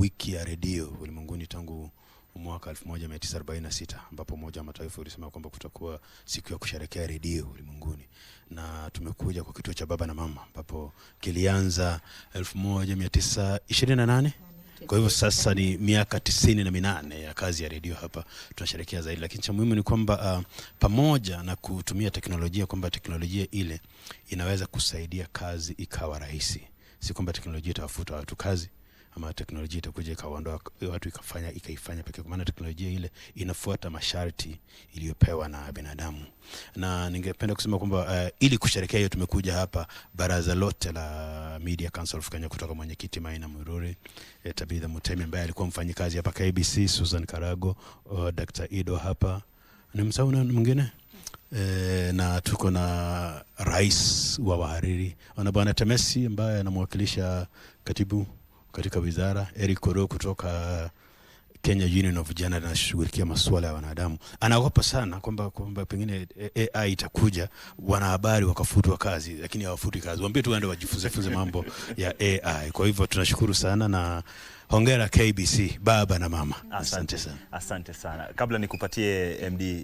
wiki ya redio ulimwenguni tangu mwaka 1946 ambapo Umoja wa Mataifa ulisema kwamba kutakuwa siku ya kusherekea redio ulimwenguni, na tumekuja kwa kituo cha Baba na Mama ambapo kilianza 1928 kwa hivyo sasa ni miaka tisini na minane ya kazi ya redio hapa, tunasherekea zaidi. Lakini cha muhimu ni kwamba uh, pamoja na kutumia teknolojia, kwamba teknolojia ile inaweza kusaidia kazi ikawa rahisi, si kwamba teknolojia itawafuta watu kazi ama teknolojia itakuja ikaondoa watu ikafanya ikaifanya pekee, kwa maana teknolojia ile inafuata masharti iliyopewa na binadamu. Na ningependa kusema kwamba uh, ili kusherekea hiyo tumekuja hapa baraza lote la Media Council of Kenya kutoka mwenyekiti Maina Mururi, eh, Tabitha Mutemi ambaye alikuwa mfanyikazi hapa KBC, Susan Karago, uh, Dr. Ido hapa ni msau mwingine E, na tuko na rais wa wahariri ana bwana Temesi ambaye anamwakilisha katibu katika wizara, Eric Koro kutoka Kenya Union of Journalists anashughulikia masuala ya wanadamu, anaogopa sana kwamba kwamba pengine AI itakuja wanahabari wakafutwa kazi, lakini hawafuti kazi, waambie tu waende wajifunze mambo ya AI. Kwa hivyo tunashukuru sana na hongera KBC, baba na mama. Asante, asante sana, asante sana. Kabla nikupatie MD